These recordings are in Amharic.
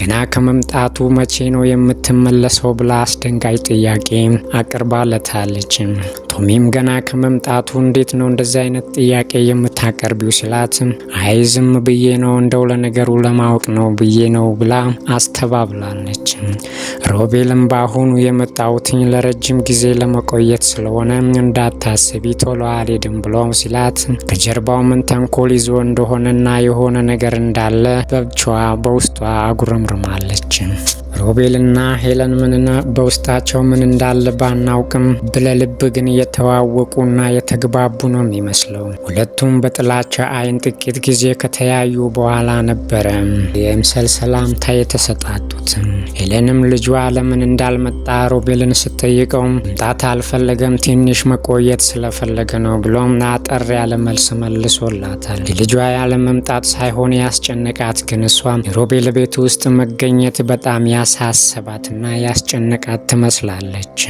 ገና ከመምጣቱ መቼ ነው የምትመለሰው ብላ አስደንጋጭ ጥያቄ አቅርባለታለች። ቶሚም ገና ከመምጣቱ እንዴት ነው እንደዚህ አይነት ጥያቄ የምታቀርቢው ሲላት፣ አይ ዝም ብዬ ነው እንደው ለነገሩ ለማወቅ ነው ብዬ ነው ብላ አስተባብላለች። ሮቤልም በአሁኑ የመጣሁትኝ ለረጅም ጊዜ ለመቆየት ስለሆነ እንዳታስቢ ቶሎ አልሄድም ብሎ ሲላት፣ ከጀርባው ምን ተንኮል ይዞ እንደሆነና የሆነ ነገር እንዳለ በብቻዋ በውስጧ አጉረምርማለች። ሮቤልና ሄለን ምንና በውስጣቸው ምን እንዳለ ባናውቅም ብለልብ ግን የተዋወቁና የተግባቡ ነው የሚመስለው። ሁለቱም በጥላቻ አይን ጥቂት ጊዜ ከተያዩ በኋላ ነበረ የምስል ሰላምታ የተሰጣጡት። ሄለንም ልጇ ለምን እንዳልመጣ ሮቤልን ስጠይቀው መምጣት አልፈለገም ትንሽ መቆየት ስለፈለገ ነው ብሎም አጠር ያለ መልስ መልሶላታል። የልጇ ያለ መምጣት ሳይሆን ያስጨነቃት ግን እሷ የሮቤል ቤት ውስጥ መገኘት በጣም ያስ ያሳሰባትና ያስጨነቃት ትመስላለች።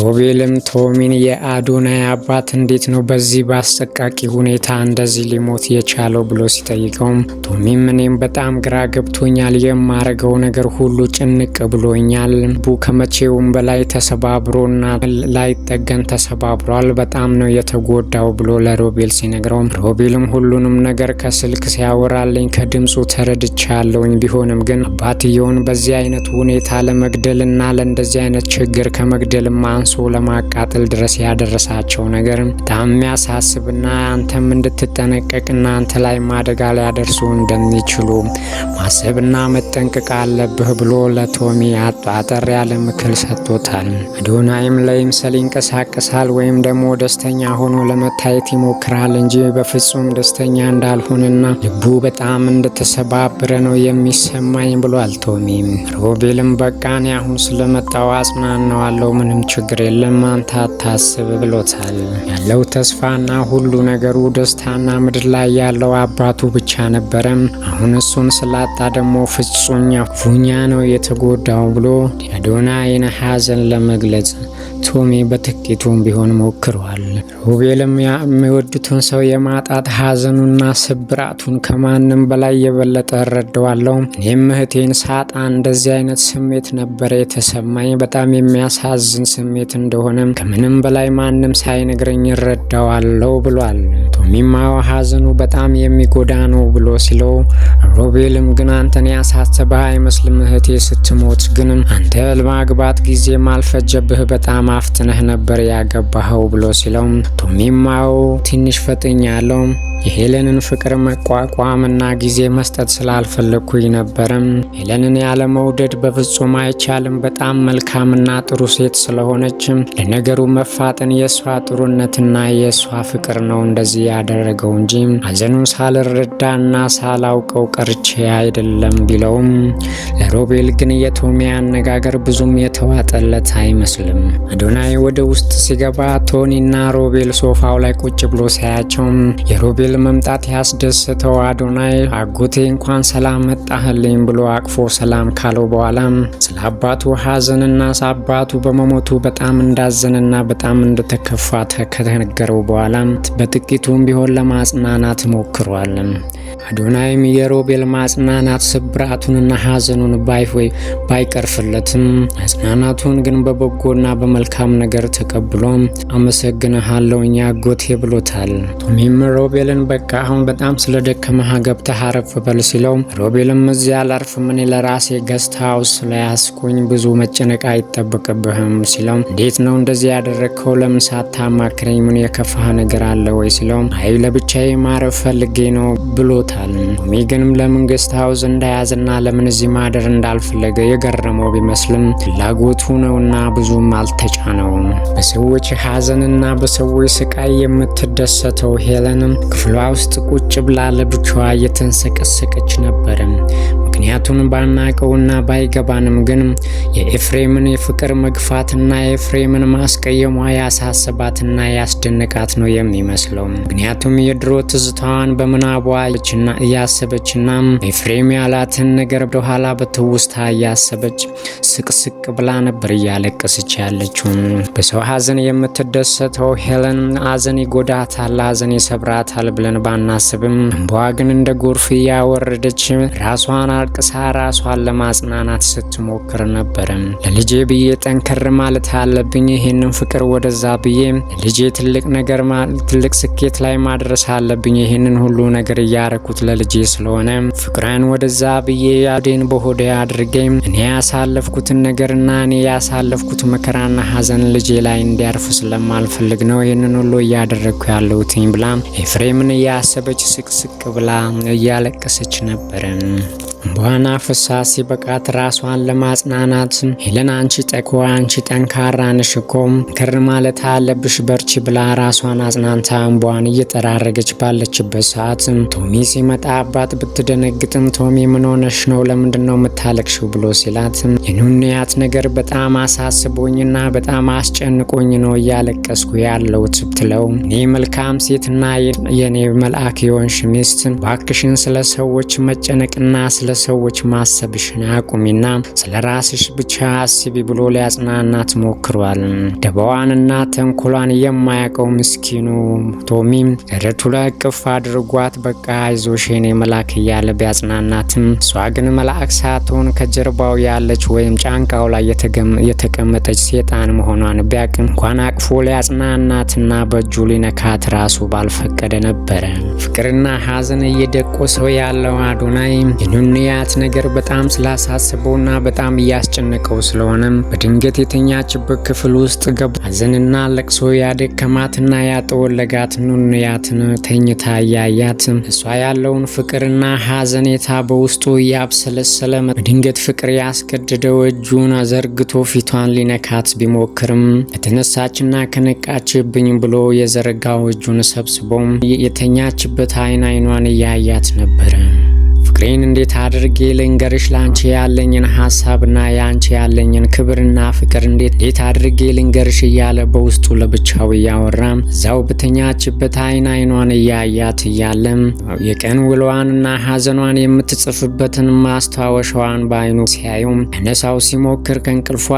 ሮቤልም ቶሚን የአዶናይ አባት እንዴት ነው በዚህ በአሰቃቂ ሁኔታ እንደዚህ ሊሞት የቻለው ብሎ ሲጠይቀውም ቶሚም እኔም በጣም ግራ ገብቶኛል፣ የማረገው ነገር ሁሉ ጭንቅ ብሎኛል። ቡ ከመቼውም በላይ ተሰባብሮና ላይጠገን ተሰባብሯል፣ በጣም ነው የተጎዳው ብሎ ለሮቤል ሲነግረውም ሮቤልም ሁሉንም ነገር ከስልክ ሲያወራልኝ ከድምፁ ተረድቻለውኝ ቢሆንም ግን አባትየውን በዚህ አይነት ሁኔታ ለመግደልና ለእንደዚህ አይነት ችግር ከመግደልም አንሶ ለማቃጠል ድረስ ያደረሳቸው ነገር በጣም የሚያሳስብና አንተም እንድትጠነቀቅና አንተ ላይ አደጋ ሊያደርሱ እንደሚችሉ ማሰብና መጠንቀቅ አለብህ ብሎ ለቶሚ አጣጠር ያለ ምክር ሰጥቶታል። አዶናይም ለይምሰል ይንቀሳቀሳል ወይም ደግሞ ደስተኛ ሆኖ ለመታየት ይሞክራል እንጂ በፍጹም ደስተኛ እንዳልሆነና ልቡ በጣም እንደተሰባበረ ነው የሚሰማኝ ብሏል ቶሚ ሮቤልም በቃ እኔ አሁን ስለመጣው አጽናናዋለው ምንም ችግር የለም አንተ አታስብ ብሎታል። ያለው ተስፋና ሁሉ ነገሩ ደስታና ምድር ላይ ያለው አባቱ ብቻ ነበረም። አሁን እሱን ስላጣ ደግሞ ፍጹኛ ፉኛ ነው የተጎዳው ብሎ ዲያዶናይን ሀዘን ለመግለጽ ቶሚ በጥቂቱም ቢሆን ሞክሯል። ሩቤልም የሚወዱትን ሰው የማጣት ሐዘኑና ስብራቱን ከማንም በላይ የበለጠ እረዳዋለሁ። እኔም እህቴን ሳጣ እንደዚህ አይነት ስሜት ነበረ የተሰማኝ። በጣም የሚያሳዝን ስሜት እንደሆነ ከምንም በላይ ማንም ሳይነግረኝ እረዳዋለሁ ብሏል። ቶሚማው ሐዘኑ በጣም የሚጎዳ ነው ብሎ ሲለው፣ ሮቤልም ግን አንተን ያሳሰበህ አይመስልም እህቴ ስትሞት ግን አንተ ለማግባት ጊዜ ማልፈጀብህ በጣም አፍ አፍጥነህ ነበር ያገባኸው ብሎ ሲለው ቱሚማው ትንሽ ፈጥኛ አለው የሄለንን ፍቅር መቋቋምና ጊዜ መስጠት ስላልፈለግኩኝ ነበርም። ሄለንን ያለመውደድ በፍጹም አይቻልም። በጣም መልካምና ጥሩ ሴት ስለሆነች ለነገሩ መፋጠን የእሷ ጥሩነትና የእሷ ፍቅር ነው እንደዚህ ያደረገው እንጂ ሐዘኑን ሳልረዳና ሳላውቀው ቀርቼ አይደለም ቢለውም ለሮቤል ግን የቶሚ አነጋገር ብዙም የተዋጠለት አይመስልም። አዶናይ ወደ ውስጥ ሲገባ ቶኒና ሮቤል ሶፋው ላይ ቁጭ ብሎ ሳያቸውም የሮቤል መምጣት ያስደስተው አዶናይ አጎቴ እንኳን ሰላም መጣህልኝ ብሎ አቅፎ ሰላም ካለው በኋላ ስለ አባቱ ሀዘንና ሳባቱ በመሞቱ በጣም እንዳዘንና በጣም እንደተከፋ ከተነገረው በኋላ በጥቂቱም ቢሆን ለማጽናናት ሞክሯል። አዶናይም የሮቤል ማጽናናት ስብራቱንና ሐዘኑን ባይፍ ወይ ባይቀርፍለትም ማጽናናቱን ግን በበጎና በመልካም ነገር ተቀብሎ አመሰግንሃለሁ ያጎቴ ብሎታል። ቶሚም ሮቤልን በቃ አሁን በጣም ስለ ደከመህ ገብተህ አረፍ በል ሲለው ሮቤልም እዚያ ላርፍ ምን ለራሴ ገስት ሀውስ ብዙ መጨነቅ አይጠበቅብህም ሲለው እንዴት ነው እንደዚህ ያደረግከው? ለምን ሳታማክረኝ? ምን የከፋህ ነገር አለ ወይ ሲለው አይ ለብቻዬ ማረፍ ፈልጌ ነው ብሎታል። ይመልሳል። ሚግንም ለመንግስት ሀውዝ እንደያዝና ለምን እዚህ ማደር እንዳልፈለገ የገረመው ቢመስልም ፍላጎቱ ነውና ብዙም አልተጫነውም። በሰዎች ሀዘንና በሰዎች ስቃይ የምትደሰተው ሄለንም ክፍሏ ውስጥ ቁጭ ብላ ለብቻዋ እየተንሰቀሰቀች ነበር ምክንያቱን ባናቀውና ባይገባንም ግን የኤፍሬምን ፍቅር መግፋትና ኤፍሬምን ማስቀየሟ ያሳሰባትና ያስደንቃት ነው የሚመስለው። ምክንያቱም የድሮ ትዝታዋን በምናቧ ችና እያሰበችና ኤፍሬም ያላትን ነገር ወደኋላ በትውስታ እያሰበች ስቅስቅ ብላ ነበር እያለቀሰች ያለችው። በሰው ሀዘን የምትደሰተው ሄለን ሀዘን ይጎዳታል፣ ሀዘን ይሰብራታል ብለን ባናስብም እንባዋ ግን እንደ ጎርፍ እያወረደች ራሷን አልቅሳ ራሷን ለማጽናናት ስትሞክር ነበር። ለልጄ ብዬ ጠንከር ማለት አለብኝ። ይህንን ፍቅር ወደዛ ብዬ ልጄ ትልቅ ነገር ትልቅ ስኬት ላይ ማድረስ አለብኝ። ይህንን ሁሉ ነገር እያረኩት ለልጄ ስለሆነ ፍቅሯን ወደዛ ብዬ ያዴን በሆደ አድርጌ እኔ ያሳለፍኩትን ነገርና እኔ ያሳለፍኩት መከራና ሀዘን ልጄ ላይ እንዲያርፍ ስለማልፈልግ ነው ይህንን ሁሉ እያደረግኩ ያለሁትኝ ብላ ኤፍሬምን እያሰበች ስቅስቅ ብላ እያለቀሰች ነበረ። በዋና ፍሳ ሲበቃት ራሷን ለማጽናናት ሄለን አንቺ ጠቆ አንቺ ጠንካራ ነሽ ክር ማለት አለብሽ በርቺ ብላ ራሷን አጽናንታ እንቧን እየጠራረገች ባለችበት ሰዓት ቶሚ ሲመጣ አባት ብትደነግጥም ቶሚ ምን ሆነሽ ነው ለምንድን ነው የምታለቅሽው ብሎ ሲላት የኑንያት ነገር በጣም አሳስቦኝና በጣም አስጨንቆኝ ነው እያለቀስኩ ያለው ትብትለው እኔ መልካም ሴትና የኔ መልአክ የሆንሽ ሚስት ባክሽን ስለ ሰዎች መጨነቅና ስለ ሰዎች ማሰብሽን አቁሚና ስለ ራስሽ ብቻ አስቢ ብሎ ሊያጽናናት ሞክሯል። ደባዋንና ተንኮሏን የማያውቀው ምስኪኑ ቶሚ ደረቱ ላይ ቅፍ አድርጓት በቃ አይዞሽ የኔ መልአክ እያለ ቢያጽናናትም እሷ ግን መልአክ ሳትሆን ከጀርባው ያለች ወይም ጫንቃው ላይ የተቀመጠች ሴጣን መሆኗን ቢያቅ እንኳን አቅፎ ሊያጽናናትና በእጁ ሊነካት ራሱ ባልፈቀደ ነበረ። ፍቅርና ሐዘን እየደቆሰው ያለው አዶናይ ይህንን የነያት ነገር በጣም ስላሳስበውና በጣም እያስጨነቀው ስለሆነም በድንገት የተኛችበት ክፍል ውስጥ ገቡ። አዘንና ለቅሶ ያደከማትና ያጠወለጋት ኑንያትን ተኝታ እያያት እሷ ያለውን ፍቅርና ሀዘኔታ በውስጡ እያብሰለሰለ በድንገት ፍቅር ያስገድደው እጁን አዘርግቶ ፊቷን ሊነካት ቢሞክርም ከተነሳችና ከነቃችብኝ ብሎ የዘረጋው እጁን ሰብስቦም የተኛችበት አይን አይኗን እያያት ነበረ። ፍቅሬን እንዴት አድርጌ ልንገርሽ? ላንቺ ያለኝን ሀሳብና ያንቺ ያለኝን ክብርና ፍቅር እንዴት አድርጌ ልንገርሽ? እያለ በውስጡ ለብቻው እያወራም እዛው በተኛችበት አይን አይኗን እያያት እያለም የቀን ውሏንና ሀዘኗን የምትጽፍበትን ማስታወሻዋን በአይኑ ሲያዩም ነሳው ሲሞክር ከእንቅልፏ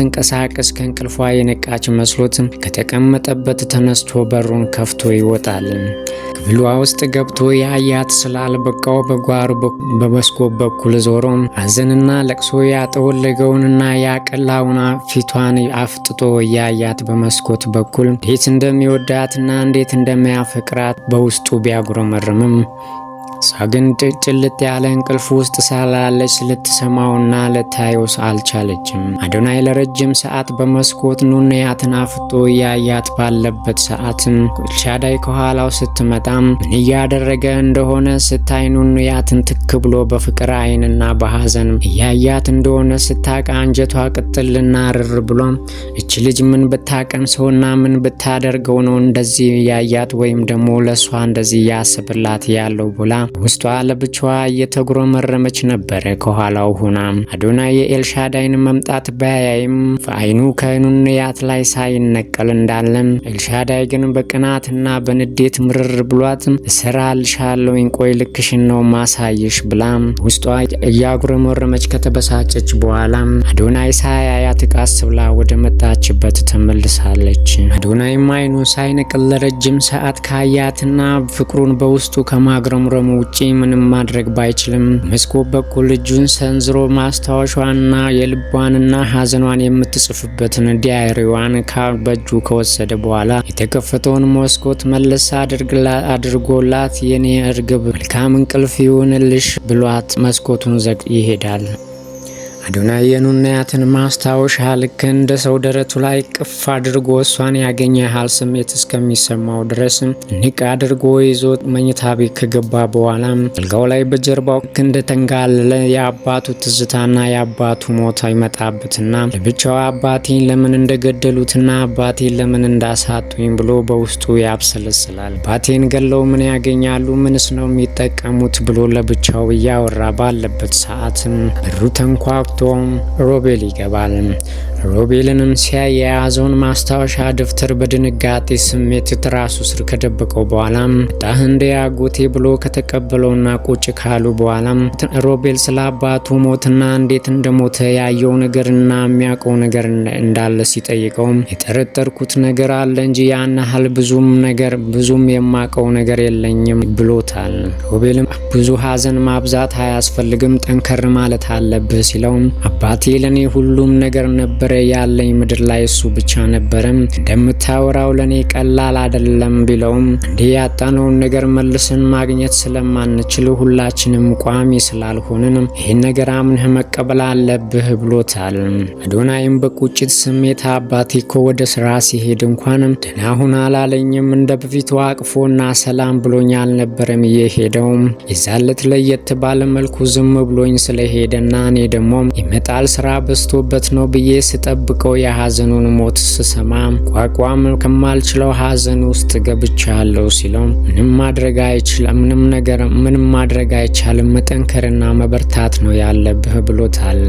ትንቀሳቀስ ከእንቅልፏ የነቃች መስሎት ከተቀመጠበት ተነስቶ በሩን ከፍቶ ይወጣል። ክፍልዋ ውስጥ ገብቶ ያያት ስላልበቃው በጓሮ በመስኮት በኩል ዞሮ አዘንና ለቅሶ ያጠወለገውንና ያቀላውን ፊቷን አፍጥጦ ያያት በመስኮት በኩል እንዴት እንደሚወዳትና እንዴት እንደሚያፈቅራት በውስጡ ቢያጉረመርምም እሷ ግን ጭልጥ ያለ እንቅልፍ ውስጥ ሳላለች ልትሰማውና ልታየውስ አልቻለችም። አዶናይ ለረጅም ሰዓት በመስኮት ኑንያትን አፍጦ እያያት ባለበት ሰዓትም ኤልሻዳይ ከኋላው ስትመጣም ምን እያደረገ እንደሆነ ስታይ ኑንያትን ትክ ብሎ በፍቅር አይንና በሐዘን እያያት እንደሆነ ስታቃ አንጀቷ ቅጥልና ርር ብሏም እች ልጅ ምን ብታቀምሰውና ምን ብታደርገው ነው እንደዚህ እያያት ወይም ደግሞ ለእሷ እንደዚህ እያስብላት ያለው ብላ ውስጧ ለብቻዋ እየተጉረመረመች ነበረ ከኋላው ሆና። አዶና የኤልሻዳይን መምጣት ባያይም አይኑ ከአይኑን ያት ላይ ሳይነቀል እንዳለም፣ ኤልሻዳይ ግን በቅናትና በንዴት ምርር ብሏት እሰራልሻለሁ ቆይ ልክሽን ነው ማሳይሽ ብላ ውስጧ እያጉረመረመች ከተበሳጨች በኋላ አዶናይ ሳያያት ቃስ ብላ ወደ መጣችበት ተመልሳለች። አዶናይም አይኑን ሳይነቅል ለረጅም ሰዓት ካያትና ፍቅሩን በውስጡ ከማግረምረሙ ውጪ ምንም ማድረግ ባይችልም መስኮት በኩል እጁን ሰንዝሮ ማስታወሻዋንና የልቧንና ሀዘኗን የምትጽፍበትን ዲያሪዋን በእጁ ከወሰደ በኋላ የተከፈተውን መስኮት መለስ አድርጎላት የኔ እርግብ መልካም እንቅልፍ ይሁንልሽ ብሏት መስኮቱን ዘግ ይሄዳል። አዶናይ የኑናያትን ማስታወሻ ልክ እንደ ሰው ደረቱ ላይ ቅፍ አድርጎ እሷን ያገኘ ያህል ስሜት እስከሚሰማው ድረስ ንቅ አድርጎ ይዞ መኝታ ቤት ከገባ በኋላ አልጋው ላይ በጀርባው ልክ እንደተንጋለለ የአባቱ ትዝታና የአባቱ ሞት ይመጣበትና ለብቻው አባቴን ለምን እንደገደሉትና አባቴን ለምን እንዳሳጡኝ ብሎ በውስጡ ያብሰለስላል። አባቴን ገለው ምን ያገኛሉ? ምንስ ነው የሚጠቀሙት? ብሎ ለብቻው እያወራ ባለበት ሰዓት በሩ ተንኳኩ ተነስቶ ሮቤል ይገባል። ሮቤልንም ሲያይ የያዘውን ማስታወሻ ደብተር በድንጋጤ ስሜት ትራሱ ስር ከደበቀው በኋላም ጣህ እንደ ያጎቴ ብሎ ከተቀበለውና ቁጭ ካሉ በኋላም ሮቤል ስለ አባቱ ሞትና እንዴት እንደሞተ ያየው ነገርና የሚያውቀው ነገር እንዳለ ሲጠይቀውም የጠረጠርኩት ነገር አለ እንጂ ያን ያህል ብዙም ነገር ብዙም የማውቀው ነገር የለኝም ብሎታል። ሮቤልም ብዙ ሀዘን ማብዛት አያስፈልግም፣ ጠንከር ማለት አለብህ ሲለውም አባቴ ለእኔ ሁሉም ነገር ነበረ ያለኝ ምድር ላይ እሱ ብቻ ነበረም። እንደምታወራው ለእኔ ቀላል አደለም ቢለውም እንዲህ ያጣነውን ነገር መልስን ማግኘት ስለማንችል ሁላችንም ቋሚ ስላልሆንን ይህን ነገር አምንህ መቀበል አለብህ ብሎታል። አዶናይም በቁጭት ስሜት አባቴ እኮ ወደ ስራ ሲሄድ እንኳን ደህና ሁን አላለኝም እንደ በፊቱ አቅፎና ሰላም ብሎኝ አልነበረም እየሄደው የዛለት ለየት ባለ መልኩ ዝም ብሎኝ ስለሄደና እኔ ደግሞ ይመጣል ስራ በዝቶበት ነው ብዬ ስጠብቀው የሐዘኑን ሞት ስሰማ ቋቋም ከማልችለው ሐዘን ውስጥ ገብቻለሁ ሲለው ምንም ማድረግ አይችልም፣ ምንም ነገር ምንም ማድረግ አይቻልም፣ መጠንከርና መበርታት ነው ያለብህ ብሎታል።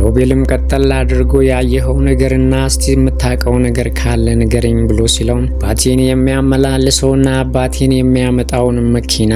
ሮቤልም ቀጠል አድርጎ ያየኸው ነገርና እስቲ የምታውቀው ነገር ካለ ንገረኝ ብሎ ሲለው አባቴን የሚያመላልሰውና አባቴን የሚያመጣውን መኪና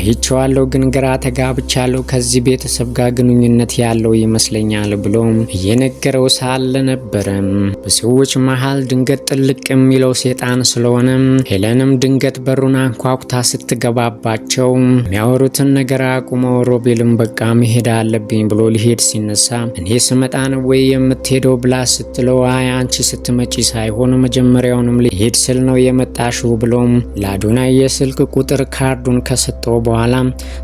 አይቼዋለሁ፣ ግን ግራ ተጋብቻለሁ። ከዚህ ቤተሰብ ጋር ግንኙነት ያለው ይመስለኛል ብሎ እየነገረው ሳለን ነበረም። በሰዎች መሃል ድንገት ጥልቅ የሚለው ሴጣን ስለሆነ ሄለንም ድንገት በሩን አንኳኩታ ስትገባባቸው የሚያወሩትን ነገር አቁመው ሮቤልም በቃ መሄድ አለብኝ ብሎ ሊሄድ ሲነሳ እኔ ስመጣ ነው ወይ የምትሄደው ብላ ስትለው አይ አንቺ ስትመጪ ሳይሆን መጀመሪያውንም ሊሄድ ስል ነው የመጣሽው ብሎም ላዱና የስልክ ቁጥር ካርዱን ከሰጠው በኋላ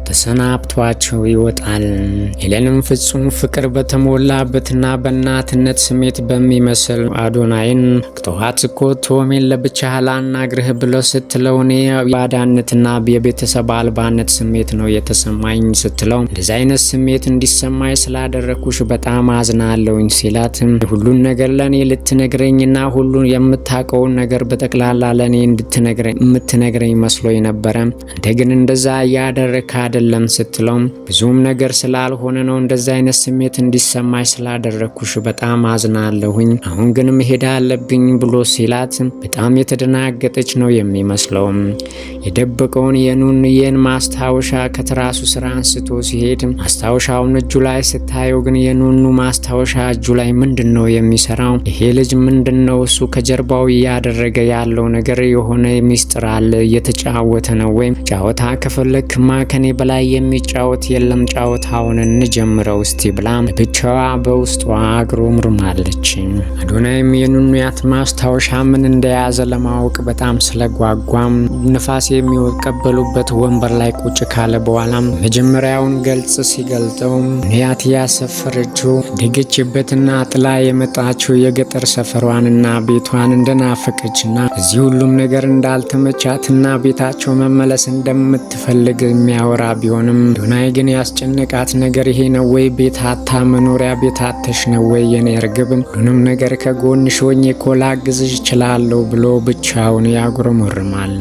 ተሰናብቷቸው ይወጣል። ሄለንም ፍጹም ፍቅር በተሞላበትና በእናትነት ስሜት ዳዊት በሚመስል አዶናይን ተዋት እኮ ቶሜን ለብቻህ ላናግርህ ብሎ ስትለው እኔ ባዳነትና የቤተሰብ አልባነት ስሜት ነው የተሰማኝ ስትለው እንደዚህ አይነት ስሜት እንዲሰማኝ ስላደረግኩሽ በጣም አዝናለውኝ ሲላት ሁሉን ነገር ለእኔ ልትነግረኝና ሁሉ የምታውቀውን ነገር በጠቅላላ ለእኔ የምትነግረኝ መስሎኝ ነበረ። እንደግን ግን እንደዛ እያደረግክ አይደለም ስትለው ብዙም ነገር ስላልሆነ ነው እንደዚህ አይነት ስሜት እንዲሰማኝ ስላደረግኩሽ በጣም አዝና አለሁኝ አሁን ግን መሄድ አለብኝ ብሎ ሲላት በጣም የተደናገጠች ነው የሚመስለው። የደበቀውን የኑንዬን ማስታወሻ ከትራሱ ስራ አንስቶ ሲሄድ ማስታወሻውን እጁ ላይ ስታየው ግን የኑኑ ማስታወሻ እጁ ላይ ምንድን ነው የሚሰራው? ይሄ ልጅ ምንድን ነው እሱ ከጀርባው እያደረገ ያለው ነገር? የሆነ ሚስጥር አለ። እየተጫወተ ነው ወይም ጫወታ ከፈለክ ከኔ በላይ የሚጫወት የለም፣ ጫወታውን እንጀምረው እስቲ ብላ ብቻዋ በውስጧ አግሮምርማለች። አለች። አዶናይም የኑኑያት ማስታወሻ ምን እንደያዘ ለማወቅ በጣም ስለጓጓም ንፋስ የሚቀበሉበት ወንበር ላይ ቁጭ ካለ በኋላም መጀመሪያውን ገልጽ ሲገልጠው ኑያት ያሰፈረችው ደገችበትና ጥላ የመጣችው የገጠር ሰፈሯንና ቤቷን እንደናፈቀችና እዚህ ሁሉም ነገር እንዳልተመቻትና ቤታቸው መመለስ እንደምትፈልግ የሚያወራ ቢሆንም ዶናይ ግን ያስጨነቃት ነገር ይሄ ነው ወይ ቤታታ መኖሪያ ቤታተሽ ነው ወይ የኔ እርግብ ሁሉንም ነገር ከጎንሽ ሆኜ እኮ ላግዝሽ እችላለሁ ብሎ ብቻውን ያጉረመርማል።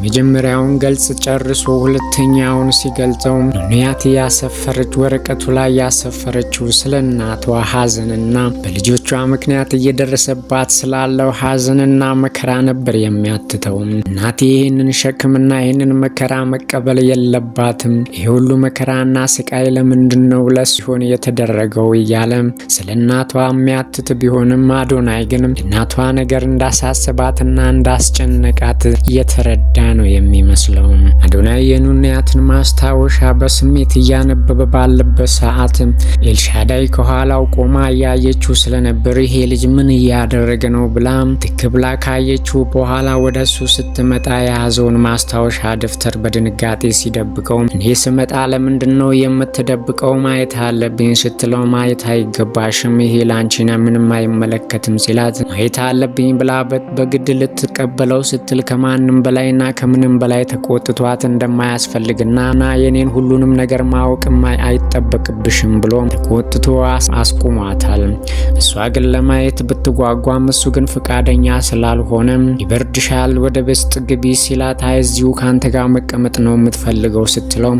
የመጀመሪያውን ገልጽ ጨርሶ ሁለተኛውን ሲገልጸው ኑንያት ያሰፈረች ወረቀቱ ላይ ያሰፈረችው ስለ እናቷ ሐዘንና በልጆቿ ምክንያት እየደረሰባት ስላለው ሐዘንና መከራ ነበር የሚያትተው። እናቴ ይህንን ሸክምና ይህንን መከራ መቀበል የለባትም። ይህ ሁሉ መከራና ስቃይ ለምንድን ነው ሲሆን የተደረገው እያለ ስለ እናቷ የሚያትት ቢሆንም አዶናይ ግን እናቷ ነገር እንዳሳሰባትና እንዳስጨነቃት እየተረዳ ነው የሚመስለው። አዶናይ የኑንያትን ማስታወሻ በስሜት እያነበበ ባለበት ሰዓት ኤልሻዳይ ከኋላው ቆማ እያየችው ስለነበር ይሄ ልጅ ምን እያደረገ ነው ብላ ትክ ብላ ካየችው በኋላ ወደ እሱ ስትመጣ የያዘውን ማስታወሻ ደብተር በድንጋጤ ሲደብቀው እኔ ስመጣ ለምንድን ነው የምትደብቀው? ማየት አለብኝ ስትለው ማየት አይገባሽም፣ ይሄ ላንቺና ምንም አይመለከትም ሲላት ማየት አለብኝ ብላ በግድ ልትቀበለው ስትል ከማንም በላይና ከምንም በላይ ተቆጥቷት እንደማያስፈልግና ና የኔን ሁሉንም ነገር ማወቅ አይጠበቅብሽም ብሎ ተቆጥቶ አስቁሟታል። እሷ ግን ለማየት ብትጓጓም እሱ ግን ፍቃደኛ ስላልሆነ ይበርድሻል፣ ወደ ውስጥ ግቢ ሲላት አይ ከአንተ ጋር መቀመጥ ነው የምትፈልገው ስትለው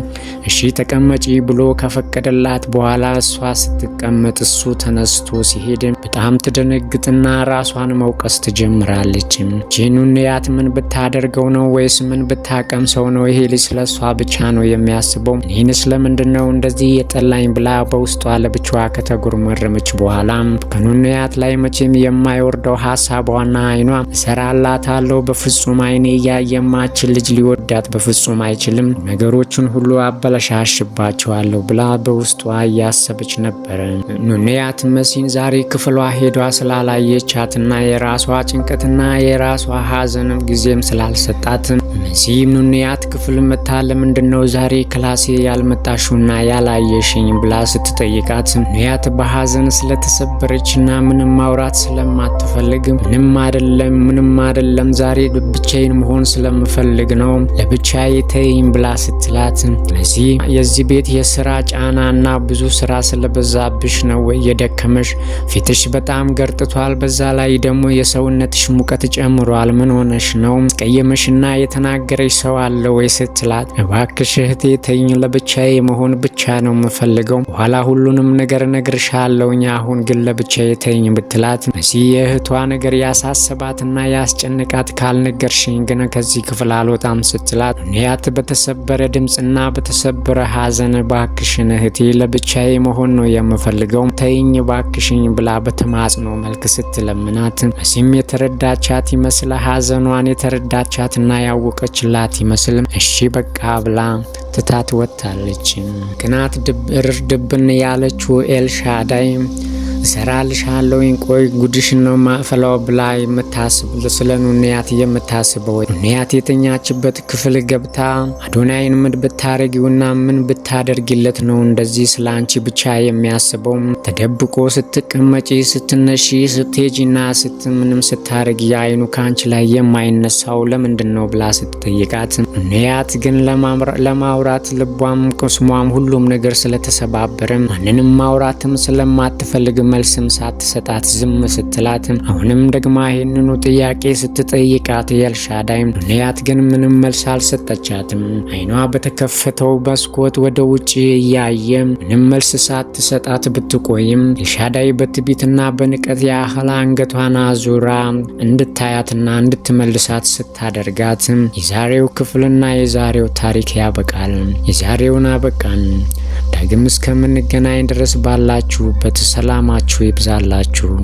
እሺ ተቀመጪ ብሎ ከፈቀደላት በኋላ እሷ ስትቀመጥ እሱ ተነስቶ ሲሄድ በጣም ትደነግጥና ራሷን መውቀስ ትጀምራለች። ጂኑን ያት ምን ብታደርገው ነው ወይ ወይስ ምን ብታቀም ሰው ነው ይሄ ልጅ ስለሷ ብቻ ነው የሚያስበው? ይህንስ ለምንድን ነው እንደዚህ የጠላኝ ብላ በውስጧ ለብቻዋ ከተጉርመረመች በኋላ ከኑንያት ላይ መቼም የማይወርደው ሀሳቧና አይኗ እሰራላታለሁ፣ በፍጹም አይኔ ያየማችን ልጅ ሊወዳት በፍጹም አይችልም፣ ነገሮቹን ሁሉ አበለሻሽባቸዋለሁ ብላ በውስጧ እያሰበች ነበረ። ኑንያት መሲን ዛሬ ክፍሏ ሄዷ ስላላየቻትና የራሷ ጭንቀትና የራሷ ሀዘንም ጊዜም ስላልሰጣት እነዚህም ኑንያት ክፍል መታ ለምንድን ነው ዛሬ ክላሴ ያልመጣሽውና ያላየሽኝ ብላ ስትጠይቃት ኑያት በሐዘን ስለተሰበረችና ምንም ማውራት ስለማትፈልግ ምንም አይደለም ምንም አይደለም ዛሬ ብቻዬን መሆን ስለምፈልግ ነው ለብቻዬ ተይኝ ብላ ስትላት እነዚህ የዚህ ቤት የስራ ጫናና ብዙ ስራ ስለበዛብሽ ነው ወይ የደከመሽ ፊትሽ በጣም ገርጥቷል በዛ ላይ ደግሞ የሰውነትሽ ሙቀት ጨምሯል ምን ሆነሽ ነው ቀየመሽና የተ የተናገረች ሰው አለ ወይ ስትላት እባክሽ እህቴ ተይኝ፣ ለብቻዬ መሆን ብቻ ነው የምፈልገው፣ በኋላ ሁሉንም ነገር እነግርሻለሁኝ፣ አሁን ግን ለብቻዬ ተይኝ ብትላት እዚህ የእህቷ ነገር ያሳሰባትና ያስጨንቃት ካልነገርሽኝ ግን ከዚህ ክፍል አልወጣም ስትላት ኒያት በተሰበረ ድምፅና በተሰበረ ሐዘን ባክሽን እህቴ ለብቻዬ መሆን ነው የምፈልገው ተይኝ ባክሽኝ ብላ በተማጽኖ መልክ ስትለምናት መሲም የተረዳቻት ይመስለ ሐዘኗን የተረዳቻትና ያው ያወቀችላት ይመስል እሺ በቃ ብላ ትታት ወጥታለች። ግናት ድብር ድብን ያለችው ኤልሻዳይ እሰራልሻለሁ ቆይ ጉድሽ ነው ማፈላው ብላ የምታስብ ስለ ኑንያት የምታስበው ኑንያት የተኛችበት ክፍል ገብታ አዶናይን ምን ብታረጊውና ምን ብታደርጊለት ነው እንደዚህ ስለ አንቺ ብቻ የሚያስበው? ተደብቆ ስትቀመጪ፣ ስትነሺ፣ ስትሄጂና ስትምንም ስታረጊ አይኑ ከአንቺ ላይ የማይነሳው ለምንድን ነው ብላ ስትጠይቃት ኑንያት ግን ለማውራት ልቧም፣ ቁስሟም ሁሉም ነገር ስለተሰባበረ ማንንም ማውራትም ስለማትፈልግም መልስም ሳትሰጣት ዝም ስትላት፣ አሁንም ደግማ ይህንኑ ጥያቄ ስትጠይቃት ኤልሻዳይ ዱንያት ግን ምንም መልስ አልሰጠቻትም። አይኗ በተከፈተው መስኮት ወደ ውጭ እያየ ምንም መልስ ሳትሰጣት ብትቆይም የልሻዳይ በትቢትና በንቀት ያህል አንገቷን አዙራ እንድታያትና እንድትመልሳት ስታደርጋት የዛሬው ክፍልና የዛሬው ታሪክ ያበቃል። የዛሬውን አበቃን። ዳግም እስከምንገናኝ ድረስ ባላችሁበት ሰላማችሁ ይብዛላችሁ።